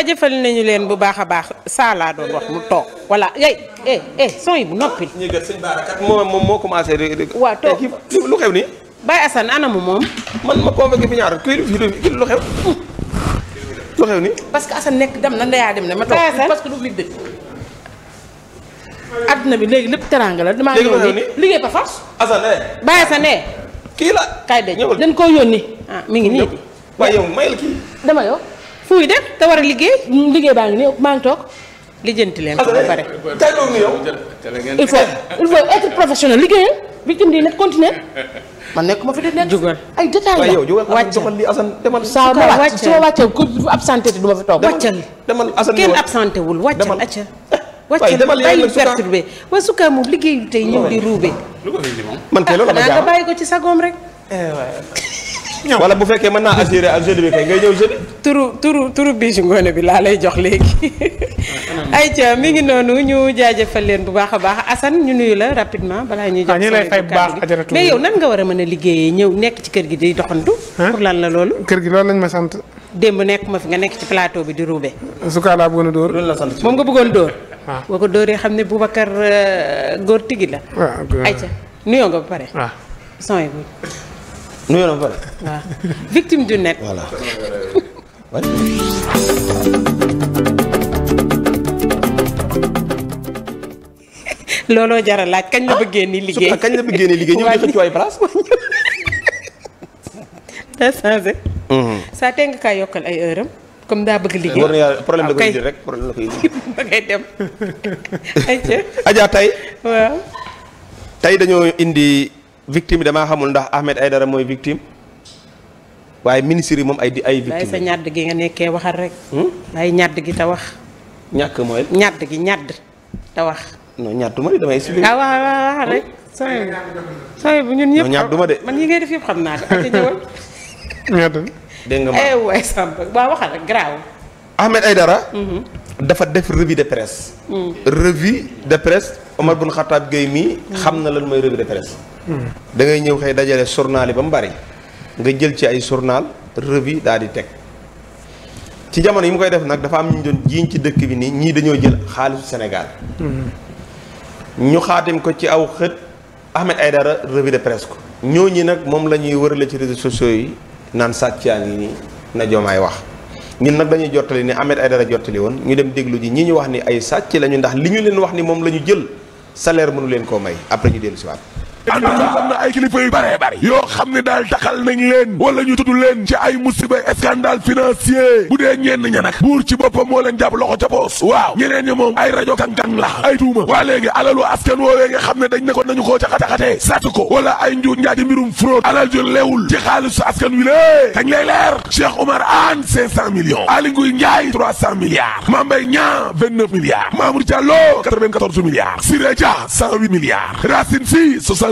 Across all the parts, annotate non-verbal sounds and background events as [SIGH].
jaajëfal nañu leen bu baax a baax saa laa mu toog voilà yay eh, eh, bu noppi. ñuy gën sëñ Baara kat moom moo commencé. waaw toog eh, lu xew nii. Baye Assane anamu moom. man ma convoqué fi ñaar kii kii lu parce que Assane nekk dem na ndeyaa dem ne ma toog parce que du adduna bi léegi lépp teraanga la damaa. léegi loolu liggéey par force. Assane eh. Baye Assane kii la. kay de dañ koo yónni. ah mi ngi nii. waaye yow mayal kii. dama yow. fuuy dem te war a liggéey liggéey baa ngi nii maa ngi toog lijjanti leen. ba pare il faut il faut liggéeyal victime di net continuer man nekk ma fi di nekk jugal ay détails la yow joxal li Assane demal saa ma wàcc su ma wàccee ku absenté te du ma fi toog wàccal demal Assane kenn absenté wul wàccal acca wàccal [LAUGHS] bàyyi perturbé waa sukaa moom liggéeyu tey ñëw di ruube man kay loolu la ma jaaxal nga bàyyi ko ci sagoom rek eh, wala bu fekkee mën naa assuré ak jeudi bi kay ngay ñëw jeudi. turu turu turu biisu ngoone bi laa lay jox léegi. ayca [LAUGHS] mi ngi noonu ñu jaajëfal leen bu baax a baax Assane ñu nuyu la rapidement balaa ñuy jox ah, ñu lay fay bu baax ajaratu mais yow nan nga war a mën a liggéeyee ñëw nekk ci kër gi di doxantu. pour lan la loolu. kër gi loolu lañ ma sant. démb nekk ma fi nga nekk ci plateau bi di ruube. su kaa laa bëggoon a dóor. la sant moom nga bëggoon dóor. waaw ah. boo ko dóoree xam ne Boubacar euh, góor tigi la. waaw ah, ayca nuyoo nga ba pare. waaw nuyoo na ba pare. waaw du net. voilà. [LAUGHS] looloo jar laaj kañ la bëggee ni liggéey ah, kañ la bëggee ni liggéey ñu saa [LAUGHS] mm-hmm. tee kaa yokkal ay heure comme daa bëgg liggéey. war na problème da ah, koy rek problème da koy indi. [LAUGHS] ba ngay dem. ayca. Adja waaw. tey dañoo indi. victime damaa xamul ndax Ahmed Aïdara mooy victime waaye ministre yi moom ay di ay. victime sa ñàdd gi nga nekkee waxal rek. ay hmm? ñàdd gi te wax. ñàkk mooy. ñàdd gi ñàdd te wax. non ñàdd de damay expliqué. ah waaw bu ñun ñëpp. non ñàdd de man yi ngay def yëpp xam naa ko. ñàdd. dégg nga ma eh waay Samba waaw waxal rek garaaw. Ahmed Aïdara. Mm-hmm. dafa def revue de presse. Mm. revue de presse Omar Bun Khattab Gueye mm. xam na lan mooy revue de presse. da ngay ñëw xëy dajale journal yi ba mu bari nga jël ci ay journal revue daal di teg ci jamono yi mu koy def nag dafa am ñu doon jiiñ ci dëkk bi nii ñii dañoo jël xaalisu senegal mm-hmm. ñu xaatim ko ci aw xët Ahmed Aidara revue de presse ko ñooñu nag moom la ñuy wërale ci réseaux sociaux yi naan sàccaa ngi nii na Diomaye wax ñun nag dañuy jottali ni Ahmed Aidara jottali woon ñu dem déglu ji ñii ñu wax ni ay sàcc lañu ndax li ñu leen wax ni moom la ñu jël salaire mënu leen koo may après ñu dellu si en tout cas am na ay kilifa bare bare yoo xam ne daal taxal nañ leen wala ñu tudd leen ci ay musiba scandale financier bu dee ñenn ña nag buur ci boppam moo leen jàpp loxo ca poos waaw ñeneen ñi moom ay rajo kànkang la ay tuuma waa léegi alalu askan woowee nga xam ne dañ ne ko nañu koo caxataxatee sàtt ko wala ay njuuj njaaj ci mbirum fraude alal ju leewul ci xaalisu askan wi lée kañ lay leer Cheikh Omar Anne cinq cent millions Aly Ngouille Ndiaye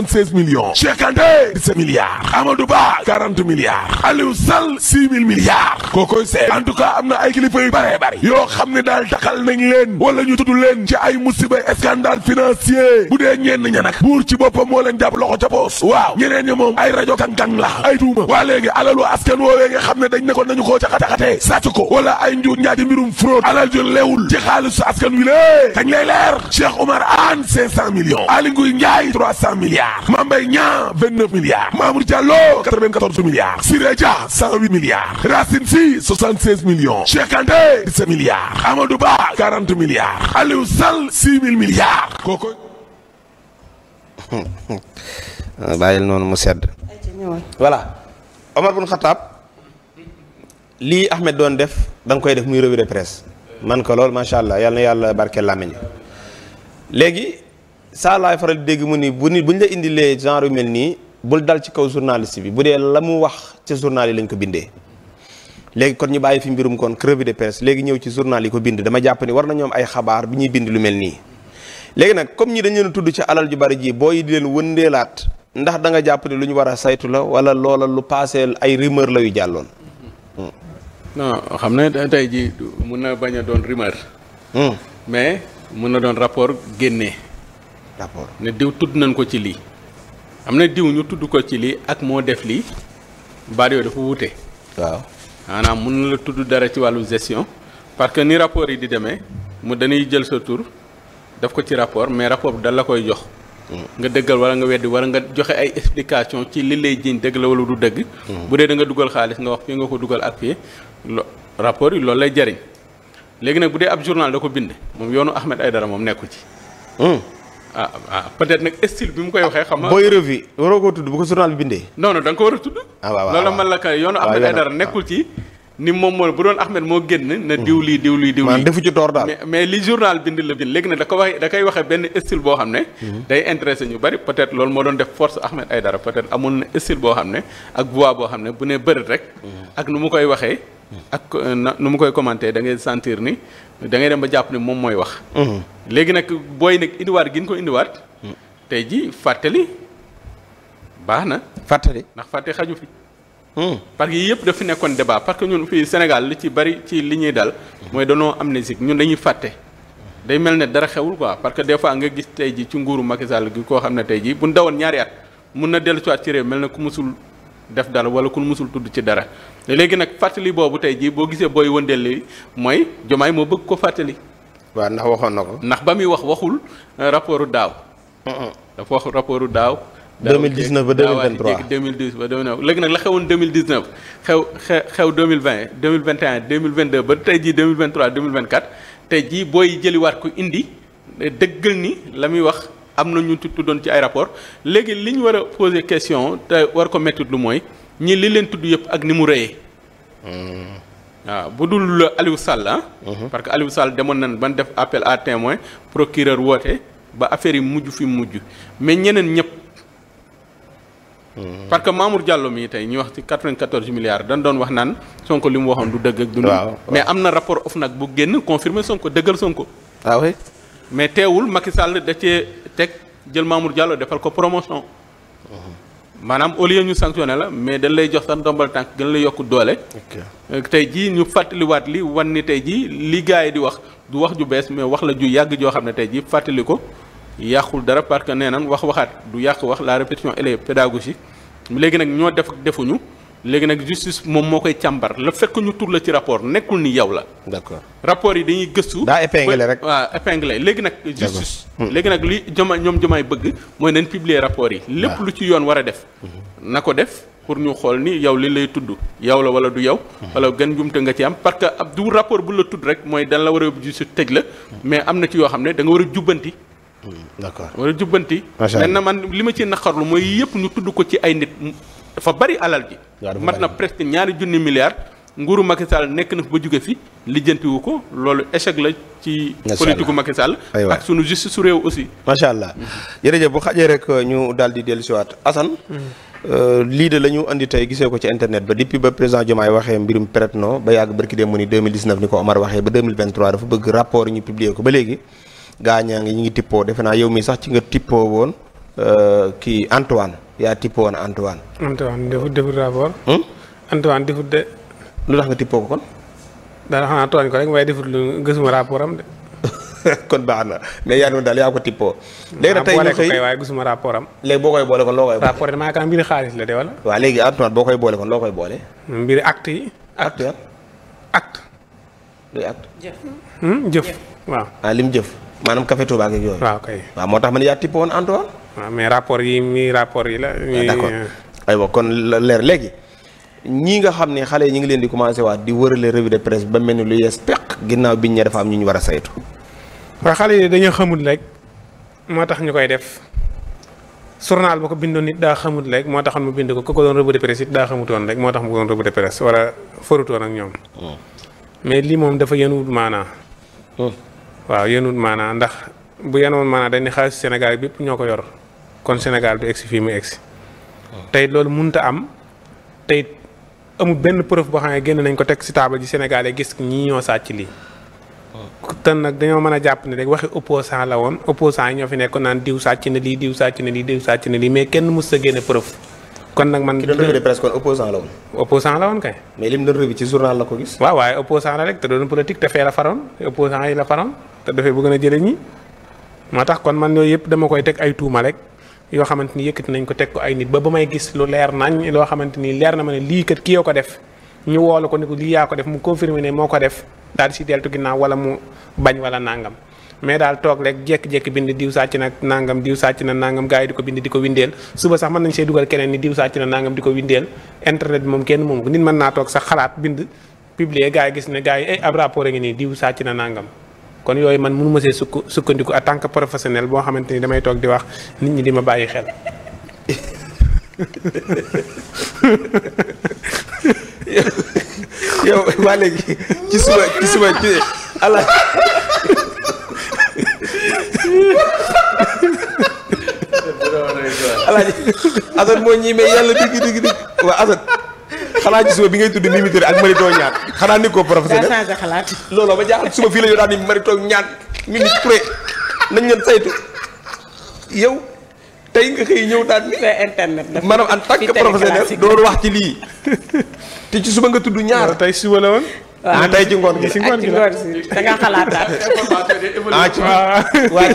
76 millions Cheikh Kanté 17 milliards Amadou Ba 40 milliards Aliou Sall 6 000 milliards kookoy seet en tout cas am na ay kilifa yu bëree bëri yoo xam ne daal taxal nañ leen wala ñu tudd leen ci ay musiba scandale financier bu dee ñenn ña nag buur ci boppam moo leen jàpp loxo ca poos waaw ñeneen ñi moom ay rajo kankang la ay tuuma waa léegi alalu askan woowee nga xam ne dañ ne ko nañu koo caxataxatee sàcc ko wala ay njuut ñaati mbirum fraude alal ju leewul ci xaalisu askan wi lée kañ lay leer Cheikh Oumar Anne 500 millions milliards Mame Mbaye Niang 29 milliards Mamour Diallo 94 milliards Siré Dia 108 milliards Racine Sy 76 millions Cheikh Kanté 17 Ba 40 milliards Aliou Sall 6 000 [LAUGHS] bàyyil noonu mu sedd voilà Omar bun Khattab lii Ahmed doon def da koy def muy revue de presse man ko lool macha allah yal yàlla barke làmmiñ léegi saa laay faral dégg mu ni bu ni bu la indilee genre yu mel nii bul dal ci kaw journaliste bi bu dee la mu wax ci journal yi lañ ko bindee léegi kon ñu bàyyi fi mbirum kon revue de presse léegi ñëw ci journal yi ko bind dama jàpp ni war na ñoom ay xabaar bi ñuy bind lu mel nii léegi nag comme ñi dañ leen tudd ci alal ju bari ji boo yi di leen wëndeelaat ndax da nga jàpp ne lu ñu war a saytu la wala loola lu paase ay rumeur la yu jàlloon xam na tey ji mun na bañ doon rumeur hmm. mais mun na doon rapport génnee rapport ne diw tudd nañ ko ci lii am na diw ñu tudd ko ci lii ak moo def lii baat dafa wuute. waaw maanaam mun na la tudd dara ci wàllu gestion parce que ni rapport yi di demee mu dañuy jël sa tur daf ko ci rapport mais rapport bi dal la koy jox. Hmm. nga dëggal wala nga weddi wala nga joxe ay explication ci li lay jiñ dëgg la wala du dëgg. Hmm. bu dee da nga dugal xaalis nga wax fii nga ko dugal ak fii lo rapport yi loolu lay jariñ léegi nag bu dee ab journal da ko bind moom yoonu Ahmed Aïdara moom nekku ci. Hmm. ah ah peut-être nag style bi mu koy waxee. xam nga booy revue waroo koo tudd bu ko journal bi bindee. non non ko war a tudd. ah waaw loolu man la kay yoonu ah, Ahmed Aidara nekkul ci. ni moom moo bu doon Ahmed moo génn na hmm. diw lii diw lii diw lii defu ci toor daal mais li journal bind la bind léegi nag da ko wax da koy waxee benn style boo xam ne hmm. day intéressé ñu bari peut-être loolu moo doon def force Ahmed Aidara peut-être amoon na style boo xam ne ak voix boo xam ne bu ne bërët rek hmm. ak nu mu koy waxee ak euh, nu mu koy commenté da ngay sentir ni da ngay dem ba jàpp ni moom mooy wax léegi nag booy nag indiwaat gi ñu ko indiwaat. tey ji fàttali baax na. fàttali ndax fàtte xaju fi. Hmm. parce yii yëpp dafa nekkoon débat parce que ñun fii Sénégal li ci bari ci li ñuy dal. mooy danoo amnésique ñun dañuy fàtte. day mel ne dara xewul quoi parce que des fois nga gis tey ji ci nguuru Macky Sall gi koo xam ne tey jii bu dawoon ñaari at mun na dellu siwaat ci réew mel ne ku mosul def dara wala ku mosul tudd ci dara léegi nag fàttali boobu tey jii boo gisee booy wëndeel li mooy jomaay moo bëgg ko fàttali. waaw ndax waxoon na ko. ndax ba muy wax waxul rapport daaw. dafa wax rapport daaw. 2019 ba 2023 2010 ba 2009 léegi nag la xewoon 2019 xew xew xew 2020 2021 2022 ba tey jii 2023 2024 tey jii booy jëliwaat ko indi dëggal ni la muy wax am na ñu tuddoon ci ay rapport léegi li ñu war a question te war ko métti lu mooy ñii li leen tudd yëpp ak ni mu rëyee. waaw ah, bu dul Aliou Sall ah. Mhm. parce que Aliou Sall demoon nañ ban def appel à témoin procureur woote ba affaire yi mujj fi mujj mais ñeneen ñëpp. Mhm. parce que Mamour Diallo mii tey ñu wax ci 94 milliards dañ doon wax naan Sonko li mu waxoon du dëgg ak. du mais am na rapport OFNAC bu génn confirmé Sonko dëggal Sonko. waaw ah mais teewul Macky Sall da cee teg jël Mamour Diallo defal ko promotion. Mhm. maanaam au lieu ñu sanctionné la mais dañ lay jox sax ndombal tànk gën la yokk doole. Euh, tey jii ñu fàttaliwaat li wan ni tey jii li gars di wax du wax ju bees mais wax la ju yàgg joo xam ne tey ji fàttali ko yàqul dara parce que nee nan wax waxaat du yàq wax la répétition elle est pédagogique léegi nag ñoo def defuñu. léegi nag justice moom moo koy càmbar la fekk ñu tur la ci rapport nekkul ni yow la. d'accord rapport yi dañuy gëstu. daa épinglé rek waaw épinglé léegi nag. justice hmm. léegi nag li joma ñoom jomaay bëgg mooy nañ publier rapport yi. lépp lu ci yoon war a def. Hmm. na ko def pour ñu xool ni yow li lay tudd yow la wala du yow. Hmm. wala gën jumte nga ci am parce que ab du rapport bu la tudd rek mooy dan la war a yóbbu justice tëj la. mais am na ci yoo xam ne da nga war a jubbanti. d'accord war a jubbanti. macha allah man li ma ci naqarlu mooy yëpp ñu tudd ko ci ay nit. dafa bari alal ji. mat na presque ñaari junni milliards. nguuru Macky Sall nekk na ba jóge fi lijjantiwu ko loolu échec la ci. politiku Macky Sall ak sunu justice su réew aussi. macha allah jërëjëf bu xajee rek euh, ñu daal di dellusiwaat Assane. Mm-hmm. Euh, lii de la ñu andi tey gisee ko ci internet ba depuis ba président Diomaye waxee mbirum Petno ba yàgg barki dem mu ni 2019 ni ko Omar waxee ba 2023 dafa bëgg rapport yi ñu publier ko ba léegi. gaañaa ngi ñu ngi tippoo defe yow mii sax ci nga tippoo woon euh, kii Antoine. yaa tippoo woon Antoine. Antoine defut defut rapport. Hmm? Antoine defut de. lu tax nga tippoo ko kon. daal xanaa tooñ ko rek waaye defut lu gisuma rapport am de. [LAUGHS] kon baax na mais yaa ngi daal yaa ko tippoo. léegi rapport am. léegi boo koy boole kon loo koy boole. rapport damaa kan mbiri xaalis la de wala. waaw léegi Antoine boo koy boole kon loo koy boole. mbiri acte yi. acte acte. luy acte. jëf hmm, jëf waaw. Ah, lim jëf. maanaam café Touba ak yooyu. waaw moo tax man yaa tipp woon Antoine. waaw mais rapport yi mi rapport yi la. d'accord aywa kon leer léegi. ñii nga xam ni xale yi ñu ngi leen di commencé waat di wërale revue de presse ba mel ni lu yees peq ginnaaw biñ ne dafa am ñu ñu war a saytu. waaw xale yi dañoo xamul rek moo tax ñu koy def journal ba ko bindoon nit daa xamut rek moo tax mu bind ko ku ko doon revue de presse it daa xamutoon rek moo tax mu ko doon ak ñoom. Hmm. mais lii moom waaw yenul maanaa ndax bu yenoon maanaa dañ ne xaalis Sénégal bi yëpp ñoo ko yor kon Sénégal du egsi fii mu egsi oh. tey loolu munta am tey amul benn preuve boo xam ne génn nañ ko teg si table ji Sénégal yi gis ñi ñoo sàcc lii oh. tan nag dañoo mën a jàpp ne rek waxi opposant la woon opposant ñoo fi nekkoon naan diw sàcc na lii diw sàcc na lii diw sàcc na lii mais kenn mës sa génne la woon. opposant la woon kay. mais lim doon revue ci journal la ko gis. waaw waaye opposant la rek te doon politique te fee la faroon opposant yi la faroon. te dafay bëgg na jëlee ñi moo tax kon man yooyu yëpp dama koy teg ay tuuma rek yoo xamante ni yëkkati nañ ko teg ko ay nit ba ba may gis lu leer nañ loo xamante ni leer na ma ne lii kat kii yoo ko def ñu woolu ko ni ko lii yaa def mu confirmer ne moo ko def daal di si deltu wala mu bañ wala nangam mais daal toog rek jékki-jékki bind diw sàcc na nangam diw sàcc na nangam gars yi di ko bind di ko windeel suba sax mën nañ see dugal keneen ni diw sàcc na nangam di ko windeel internet bi moom kenn moom nit mën naa toog sax xalaat bind publier gars yi gis ne gars eh, a nangam kon yooyu man mënu ma see sukk sukkandiku en tant que professionnel boo xamante ni damay toog di wax nit ñi di ma bàyyi xel. [LAUGHS] yow waa léegi ci suba ci suba ci [LAUGHS] asat moo ñii may yàlla digg digg digg waa asat xanaa gisuma bi ngay tudd Mimi Touré ak Mary Teuw Niane xanaa ni ko professionnel xalaat. looloo ba jaaxal suba fii la ñu daan ni Mary Teuw Niane Mimi Touré nañ leen nga xëy ñëw daan wax ci lii te ci suba nga tudd ñaar tey suba la woon. Ah, ah ci ngoon gi [LAUGHS] ah, ci ngoon ci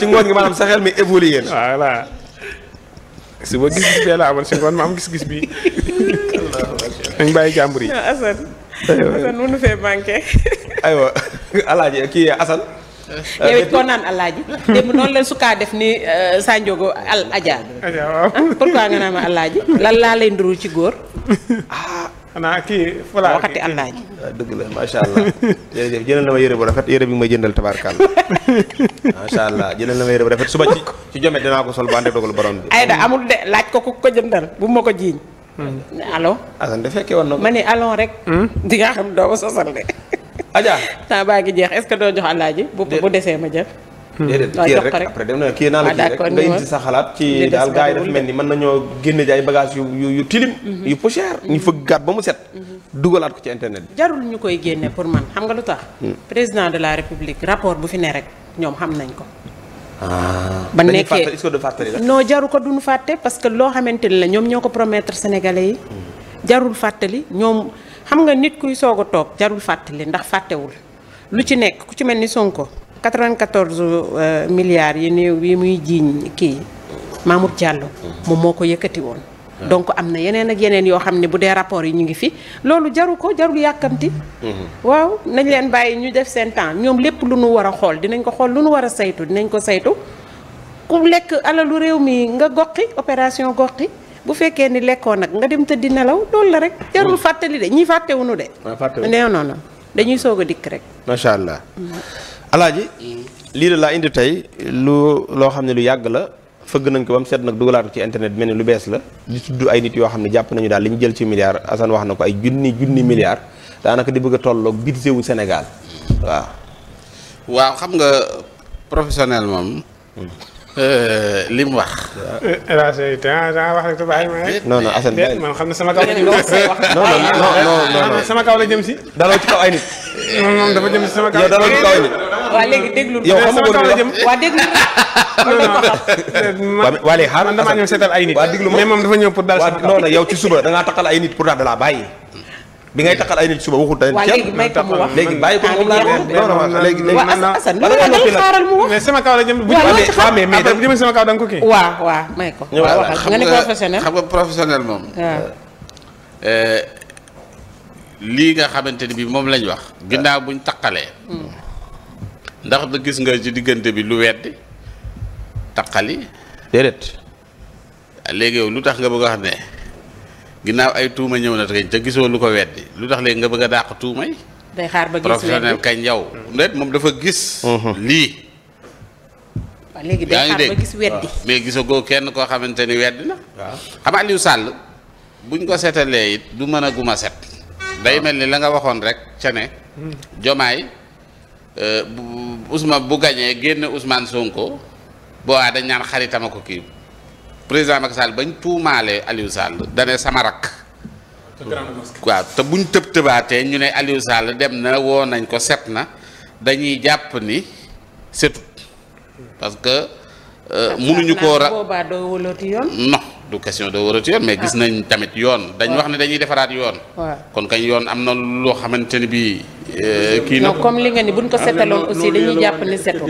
waaw gi maanaam sa xel mi évolué na. voilà. ma gis-gis bee amoon si ngoon ma am gis-gis bi [LAUGHS] dañ bàyyi jàmbur yi. Assane Assane mënu fee manqué. aywa alaaji kii Assane. yow koo naan alaaji démb noonu la su kaa def ni euh, Sanjogo al Adja. Adja waaw ah, pourquoi nga naan ma alaaji lan laa lay nduru ci góor. Ah. xanaa kii voilà waxati allah ji. dëgg la macha allah na ma yére bu rafet yére bi ma jëndal tabaarkàlla macha allah na ma yére bu rafet suba ci ci jomet ko sol ba ànd dogal borom bi. ayda amul de laaj ko ku ko jëndal bu ma ko jiiñ. ne hmm. allo. Assane de fekkee woon na ko ma ne rek. Hmm? di nga xam doo ma sosal de. [LAUGHS] Adja temps baa ngi jeex est ce que doo jox alaaji bu bu desee ma jël. Hmm. déedéet kii rek après dem na kii naa la kii rek nga indi sa xalaat ci daal gars yi mel ni mën nañoo génne ji ay bagages yu yu tilim. Mhm. yu poussière ñu fëgg gaat ba mu set. Mhm. dugalaat ko ci internet bi. jarul ñu koy génne pour man xam nga lu tax. président de la république rapport bu fi ne rek ñoom xam nañ ko. Ah. ba nekkee non jaru ko duñu fàtte parce que loo xamante ni la ñoom ñoo ko promettre sénégalais yi. Hmm. jarul fàttali ñoom xam nga nit kuy soog a toog jarul fàttali ndax fàttewul lu ci nekk ku ci mel ni Sonko 94 euh, milliards yi néew yi muy jiiñ kii Mamour Diallo hmm. moom moo ko yëkkati woon. donc am na yeneen ak yeneen yoo xam ne bu dee rapport yi ñu ngi fi loolu jaru ko jaru yàkkamti mhm. waaw nañ leen bàyyi ñu def seen temps ñoom lépp lu nu war a xool dinañ ko xool lu nu war a saytu dinañ ko saytu ku lekk lu réew mi nga goqi opération goqi bu fekkee ni lekkoo nag nga dem tëddi nelaw loolu la rek jarul mm. fàttali de ñi nu de ah, nee non non dañuy soog a dikk rek macha allah mm. alaaji mm. lii de laa indi tey lu loo xam ne lu yàgg la fëgg nañ ko ba mu set nag dugalaat ko ci internet mel ni lu bees la di tudd ay nit yoo xam ne jàpp nañu daal li ñu jël ci milliards Assane wax na ko ay junni junni milliards daanaka di bëgg a tolloog budget wu Sénégal waaw. waaw xam nga professionnel moom. Hmm. Euh, li mu wax. élargir eh, eh, eh, ah ah wax rek te bàyyi ma man xam na sama kaw la jëm si. [LAUGHS] sama kaw la jëm si. daloo ci kaw ay nit. moom moom dafa jëm si sama kaw. yow daloo ci kaw ay nit. waa léegi déglu. yow la jëm waa déglu. waa léegi moom dafa ñëw pour dal sama kaw. non non ci suba da takkal ay nit pour daal da bàyyi. bi ngay taxal ay nit suba waxul tey. waaw léegi may ko mu wax léegi bàyyi ko moom laa léegi léegi naan naa Assane xaaral mu wax. mais sama kaw la ko kii. waaw waaw may ko. waaw waxal nga ni professionnel xam nga professionnel moom. Euh, euh, lii nga xamante ni bi moom lañ wax. ginnaaw buñ taqalee. Mm. ndax da gis nga ci diggante bi lu weddi taqali. déedéet. léegi yow lu tax nga bëgg a xam ne. ginnaaw ay tuuma ñëw na te gisoo lu ko weddi lu tax léegi nga bëgg a dàq tuuma yi. day xaar ba gis professionnel kañ yow. ndeet moom dafa gis. Mhm. lii. waaw léegi day xaar ba gis weddi mais gisagoo kenn koo xamante ni weddi na. waaw xam Aliou Sall buñ ko seetalee it du mën a guma set. day mel ni la nga waxoon rek ca ne. Hmm. Jomaay euh, Ousmane bu gañee génn Ousmane Sonko boo waa ah, dañ ñaan xaritama ko kii. président Macky Sall bañ tuumaalee Aliou Sall dane sama rakk waaw te buñ tëb tëbaatee ñu ne Aliou Sall dem na woo nañ ko set na dañuy jàpp ni setut parce que euh, mënuñu koo ra boobaa doo wëlati yoon non du question doo wëlati yoon mais gis ah. nañ tamit yoon dañ wax ne dañuy defaraat yoon kon kañ yoon am na loo xamante ni bii euh, kii na comme li nga ni buñ ko setaloon aussi dañuy jàpp ni setu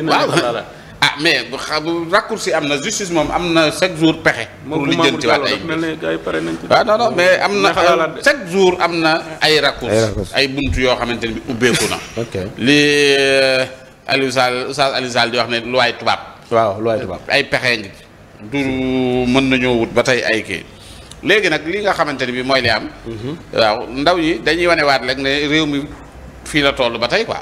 Ah, mais bu xa raccourci am na justice moom am na chaque jour pexe. pour li jënti waat ay waaw ah, non non mais am na chaque jour am na ay raccourci ay yoo xamante ne bi ubbeeku na. [LAUGHS] lii euh, Aliou Sall Oustaz Aliou Sall di wax ne luwaay tubaab. waaw tubaab ay pexe ngi du mën nañoo wut ba tey ay kii léegi nag li nga xamante ne bi mooy li am. Mhm. waaw ndaw ñi dañuy wane waat rek ne réew mi fii la toll ba tey quoi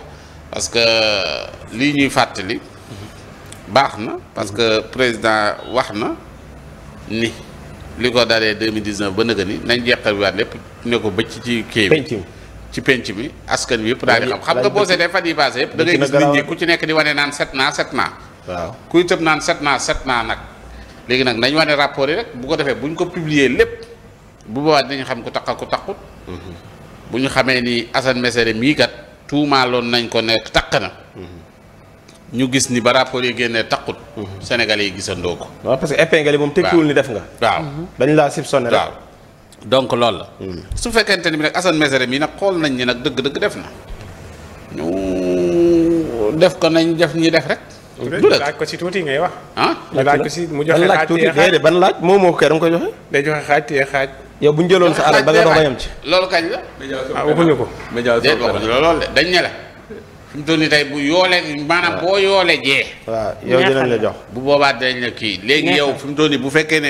parce que euh, lii ñuy fàttali. baax na parce que président wax na ni li ko dalee 2019 ba nëgë ni nañ jeexal waat lépp ne ko bëcc ci kii bi ci penc mi askan wi yëpp daal di xam xam nga boo seetee fan yii passé yëpp da ngay gis nit ñi ku ci nekk di wane naan set naa set naa waaw kuy tëb naan set naa set naa nag léegi nag nañ wane rapport yi rek bu ko defee bu ñu ko publier lépp bu boobaa dinañ xam ku taqa ku taqut mhm. bu ñu xamee ni Assane Mesere mii kat tuumaaloon nañ ko ne takk na mhm. ñu gis ni ba rapport yi génnee taxut. Mhm. Sénégalais yi gisandoo ko. waaw parce que épingle moom tekkiwul ni def nga. waaw dañ laa soupçonné rek. waaw donc loolu la. Mhm. su fekkente ni bi nag Assane Mesere mii xool nañ ni nag dëgg-dëgg def na. ñu def ko nañ def ñi def rek. du laaj ko si tuuti ngay wax. ah laaj ko si mu joxe laaj tuuti déedéet ban laaj moo moo kay da nga koy joxe. day joxe xaaj téye xaaj. yow bu ñu jëloon sa alal ba nga dox ba yem ci. loolu kañ la. ah waxuñu ko. déedéet waxuñu loolu de dañ ne fi mu toll tey bu yoolee maanaam boo yoolee jee. waaw yow dinañ la jox. bu boobaa dinañ la kii léegi yow fi mu toll nii bu fekkee ne.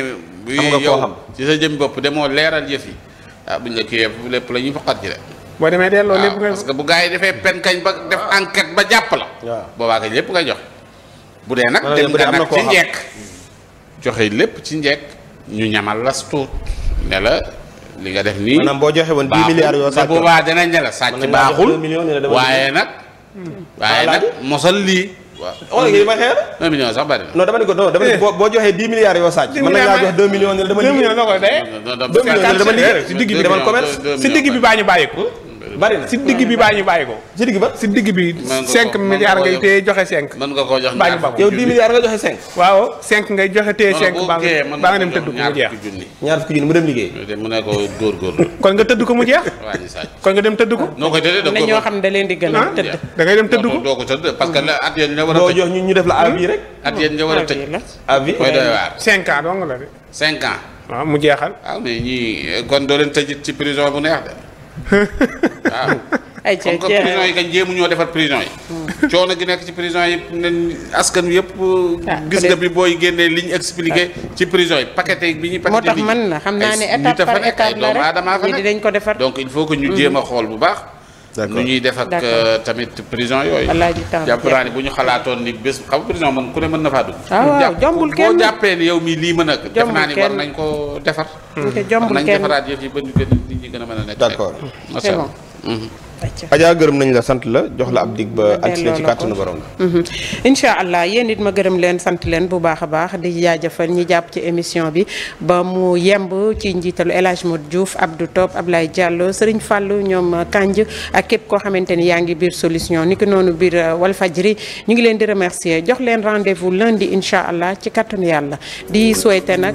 am nga yow ci sa jëm bopp demoo leeral yëf yi ah, buñ la kii lépp la ñuy faqat ci de. boo demee delloo ah, lépp nga parce que bu gars yi defee pen kañ ba def enquête ba jàpp la. lépp nga jox. bu dee nag dem nga nag ci njekk joxe lépp ci njekk ñu ñamal la tuut ne la. li nga nii maanaam boo joxe woon 10 milliards yoo sàcc boobaa danañ ne la sàcc baaxul waaye nag waaye nag mosal lii. waaw xool oh, ma xeer. 1 million sax bari na. non dama ni ko non dama ni boo boo joxee 10 milliards yoo sàcc. 10 milliards mën na jox 2 millions ne la dama. 2 millions noo koy dee. 2 millions dama liggéey si digg bi demal commerce. si digg bi baa ñu bàyyi ko. bari si digg bi baa ñu bàyyi ko. si digg ba si digg bi. cinq milliards ngay téye joxe cinq. mën nga koo jox ñaar fukki junni yow dix milliards nga joxe cinq. waaw cinq ngay joxe téye cinq. baa nga dem tëdd ko mu jeex ko [LAUGHS] góorgóorlu. kon nga dem tëdd ko. noo koy tëddee da nga ñoo xam ne da leen di gën a ah? tëdd. da ngay dem tëdd ko doo ko tëdd parce que mm-hmm. at yéen la war a tëj. doo jox ñu def la avis hmm? rek. at yéen la a cinq ans dong la de. cinq ans. waaw ah, mu jeexal. kon doo leen tëj ci prison bu neex de waaw. [LAUGHS] ay comme que prison yi kañ jéemu ñoo defar prison yi. Hmm. coono gi nekk ci prison yi nen askan wi yëpp. Ah, gis nga bi booy génnee li ñu expliqué. Ah. ci prison yi paquet bi ñu. paquet bi moo tax man la xam naa ne étape par étape la rek dinañ ko defar. donc il faut que ñu hmm. jéem a xool bu baax. nu ñuy defar ak euh, tamit prison yooyu. jàpp naa ne bu ñu xalaatoon ni bés xam prison moom ku ne mën na faa dugg. Ah waaw jombul kenn boo yow mii lii mën a. def naa ni war nañ ko defar. jombul kenn war nañ defaraat yëf yi ba ñu gën nit ñi gën a mën a nekk. d'accord c'est bon. Adja gërëm nañ la sant la jox la ab dig ba altine ci kàttanu borom la mhm. incha allah yéen it ma gërëm leen sant leen bu baax a baax di jaajafal ñi jàpp ci émission bi ba mu yemb ci njiitalu El Hadj Modou du Abdou Top Ablaye Diallo Serigne fàll ñoom Kanj ak képp koo xamante ni yaa ngi biir solution ni ki noonu biir euh, Walfajri ñu ngi leen di remercier jox leen rendez-vous lundi incha allah ci kàttanu yàlla di souhaiter nag